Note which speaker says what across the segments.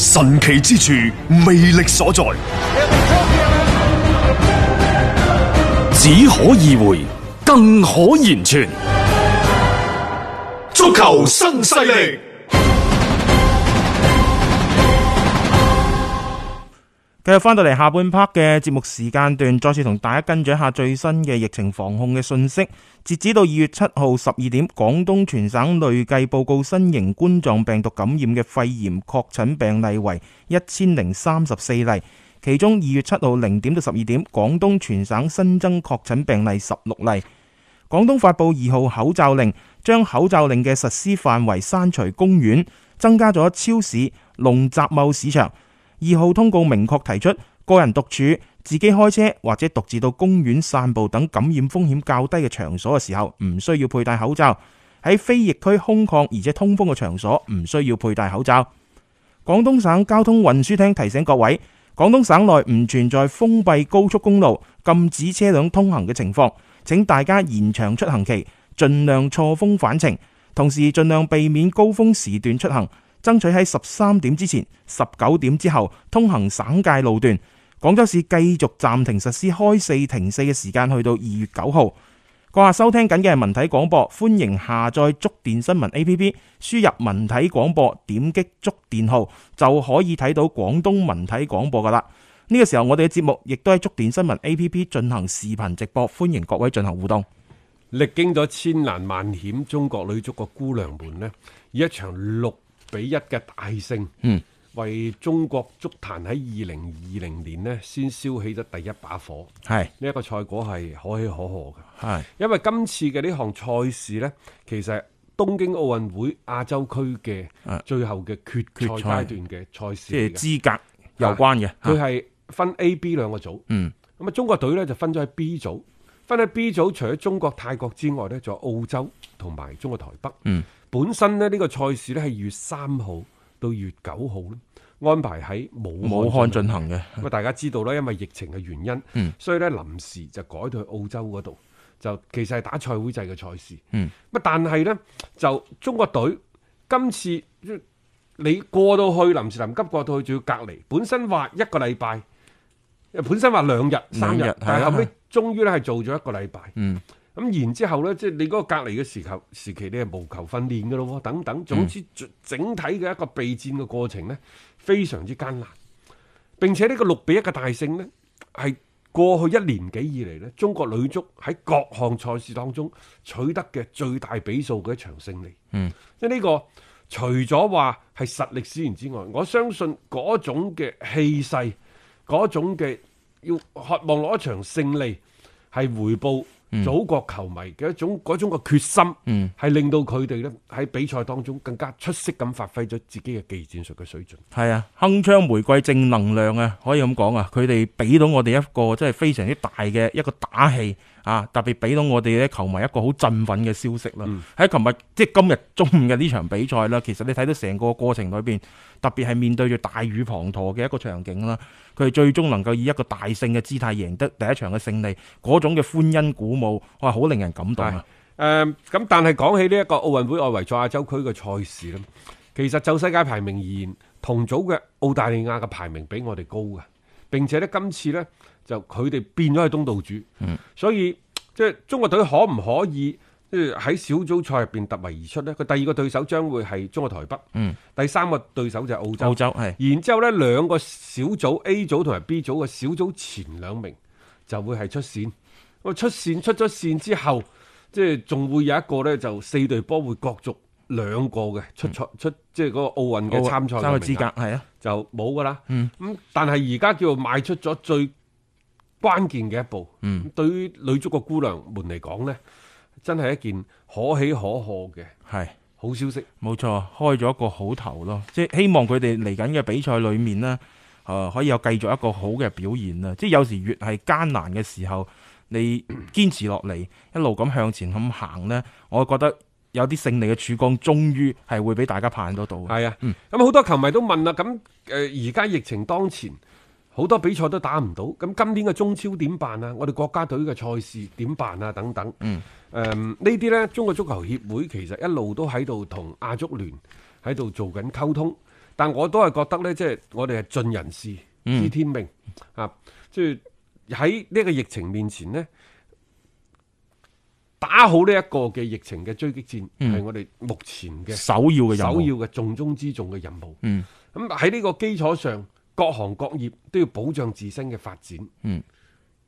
Speaker 1: 神奇之處，魅力所在，
Speaker 2: 只可意會，更可言傳，足球新勢力。又翻到嚟下半 part 嘅節目時間段，再次同大家跟進一下最新嘅疫情防控嘅信息。截止到二月七號十二點，廣東全省累計報告新型冠狀病毒感染嘅肺炎確診病例為一千零三十四例。其中，二月七號零點到十二點，廣東全省新增確診病例十六例。廣東發布二號口罩令，將口罩令嘅實施範圍刪除公園，增加咗超市、農集貿市場。二號通告明確提出，個人獨處、自己開車或者獨自到公園散步等感染風險較低嘅場所嘅時候，唔需要佩戴口罩；喺非疫區空曠而且通風嘅場所，唔需要佩戴口罩。廣東省交通運輸廳提醒各位，廣東省內唔存在封閉高速公路禁止車輛通行嘅情況，請大家延長出行期，盡量錯峰返程，同時盡量避免高峰時段出行。爭取喺十三點之前、十九點之後通行省界路段。廣州市繼續暫停實施開四停四嘅時間，去到二月九號。閣下收聽緊嘅係文體廣播，歡迎下載觸電新聞 A P P，輸入文體廣播，點擊觸電號就可以睇到廣東文體廣播噶啦。呢個時候我哋嘅節目亦都喺觸電新聞 A P P 進行視頻直播，歡迎各位進行互動。
Speaker 1: 歷經咗千難萬險，中國女足嘅姑娘們呢，以一場六比一嘅大勝、嗯，為中國足壇喺二零二零年咧，先燒起咗第一把火。係呢一個賽果係可喜可賀嘅。係因為今次嘅呢項賽事呢，其實東京奧運會亞洲區嘅最後嘅決決賽階段嘅賽事，即係資格
Speaker 2: 有關嘅。佢係
Speaker 1: 分 A、B 兩個組。嗯，咁啊，中國隊呢就分咗喺 B 組。分喺 B 組，除咗中國、泰國之外呢，仲有澳洲同埋中國台北。嗯，本身呢，呢個賽事呢係二月三號到二月九號安排喺武漢進行嘅。咁大家知道咧，因為疫情嘅原因，嗯，所以呢，臨時就改到去澳洲嗰度，就其實係打賽會制嘅賽事。嗯，咁但係呢，就中國隊今次你過到去臨時臨急過到去仲要隔離，本身話一個禮拜，本身話兩日，兩日三日，但後尾終於咧係做咗一個禮拜，咁、嗯、然之後呢，即係你嗰個隔離嘅時期，時期你係無球訓練嘅咯，等等。總之整體嘅一個備戰嘅過程呢，非常之艱難。並且呢個六比一嘅大勝呢，係過去一年幾以嚟呢，中國女足喺各項賽事當中取得嘅最大比數嘅一場勝利。嗯，即係呢個除咗話係實力使然之外，我相信嗰種嘅氣勢，嗰種嘅，要渴望攞一場勝利，係回報祖國球迷嘅一種嗰種嘅決心，係令到佢哋咧喺比賽當中更加出色咁發揮咗自己嘅技戰術嘅水準。
Speaker 2: 係啊，鏗鏘玫瑰正能量啊，可以咁講啊，佢哋俾到我哋一個真係非常之大嘅一個打氣。啊！特別俾到我哋嘅球迷一個好振奮嘅消息啦。喺琴日，即係今日中午嘅呢場比賽啦，其實你睇到成個過程裏邊，特別係面對住大雨滂沱嘅一個場景啦，佢哋最終能夠以一個大勝嘅姿態贏得第一場嘅勝利，嗰種嘅歡欣鼓舞，我係好令人感動啊！誒，
Speaker 1: 咁、呃、但係講起呢一個奧運會外圍賽亞洲區嘅賽事啦，其實就世界排名而言，同組嘅澳大利亞嘅排名比我哋高嘅。並且呢，今次呢。就佢哋變咗係東道主、嗯，所以即係、就是、中國隊可唔可以喺小組賽入邊突圍而出呢？佢第二個對手將會係中國台北，嗯、第三個對手就係澳洲。澳洲係然之後呢，兩個小組 A 組同埋 B 組嘅小組前兩名就會係出線。咁出線出咗線之後，即係仲會有一個呢，就四隊波會角逐兩個嘅出賽出，即係嗰個奧運嘅參賽三個資格係啊，就冇㗎喇。嗯，咁但係而家叫賣出咗最。關鍵嘅一步，嗯，對於女足嘅姑娘們嚟講呢，真係一件可喜可賀嘅係好消息，冇錯，開咗一個好頭咯，即係希望佢
Speaker 2: 哋嚟緊嘅比賽裏面呢，誒、呃，可以有繼續一個好嘅表現啊！即係有時越係艱難嘅時候，你堅持落嚟， 一路咁向前咁行呢，我
Speaker 1: 覺得有啲勝利嘅曙光，終於係會俾大家盼得到。係啊，咁、嗯、好多球迷都問啦，咁誒，而家疫情當前。好多比賽都打唔到，咁今年嘅中超點辦啊？我哋國家隊嘅賽事點辦啊？等等。嗯。誒、呃，呢啲呢，中國足球協會其實一路都喺度同亞足聯喺度做緊溝通，但我都係覺得呢，即、就、係、是、我哋係盡人事，知天命、嗯、啊！即係喺呢個個疫情面前呢，打好呢一個嘅疫情嘅追擊戰，係、嗯、我哋目前嘅首要嘅首要嘅重中之重嘅任務。嗯。咁喺呢個基礎上。各行各業都要保障自身嘅發展，嗯，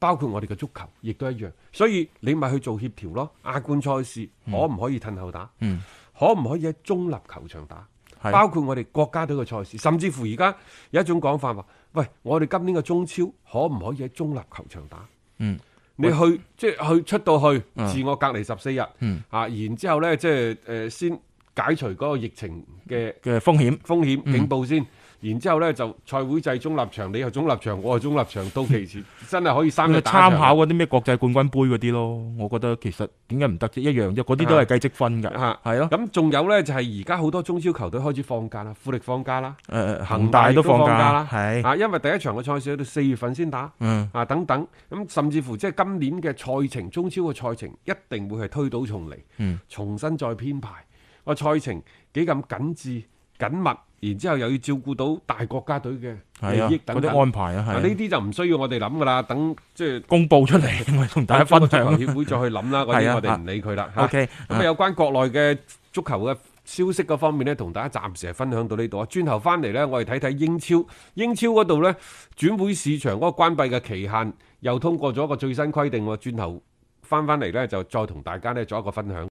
Speaker 1: 包括我哋嘅足球亦都一樣，所以你咪去做協調咯。亞冠賽事可唔可以褪後打？嗯，嗯，可唔可以喺中立球場打？包括我哋國家隊嘅賽事，甚至乎而家有一種講法話，喂，我哋今年嘅中超可唔可以喺中立球場打？嗯，說說可可嗯嗯，你去即係、就是、去出到去自我隔離十四日，啊，嗯、然之後呢即係先解除嗰個疫情嘅嘅風險風險，風險警報先。嗯然之後咧，就賽會制中立場，你又中立場，我又中立場，都 其次真係可以三個打場。參考
Speaker 2: 嗰啲咩國際冠軍盃嗰啲咯，我覺得其實點解唔得啫？一樣啫，嗰啲都係計積分噶。
Speaker 1: 吓係咯。咁仲有咧，就係而家好多中超球隊開始放假啦，富力放假啦，誒、呃，恒大都放假啦。係啊，因為第一場嘅賽事去到四月份先打。嗯。啊，等等，咁甚至乎即係今年嘅賽程，中超嘅賽程一定會係推倒重嚟，嗯，重新再編排個賽程幾咁緊緻。緊密，然之後又要照顧到大國家隊嘅利益、啊、等啲安排啊，係呢啲就唔需要我哋諗噶啦，等即係公佈出嚟同大家分享協會再去諗啦，嗰 啲、啊、我哋唔理佢啦。OK，咁啊，有關國內嘅足球嘅消息嗰方面呢，同大家暫時係分享到呢度啊。轉頭翻嚟呢，我哋睇睇英超，英超嗰度呢，轉會市場嗰個關閉嘅期限又通過咗一個最新規定喎。轉頭翻翻嚟呢，就再同大家呢做一個分享。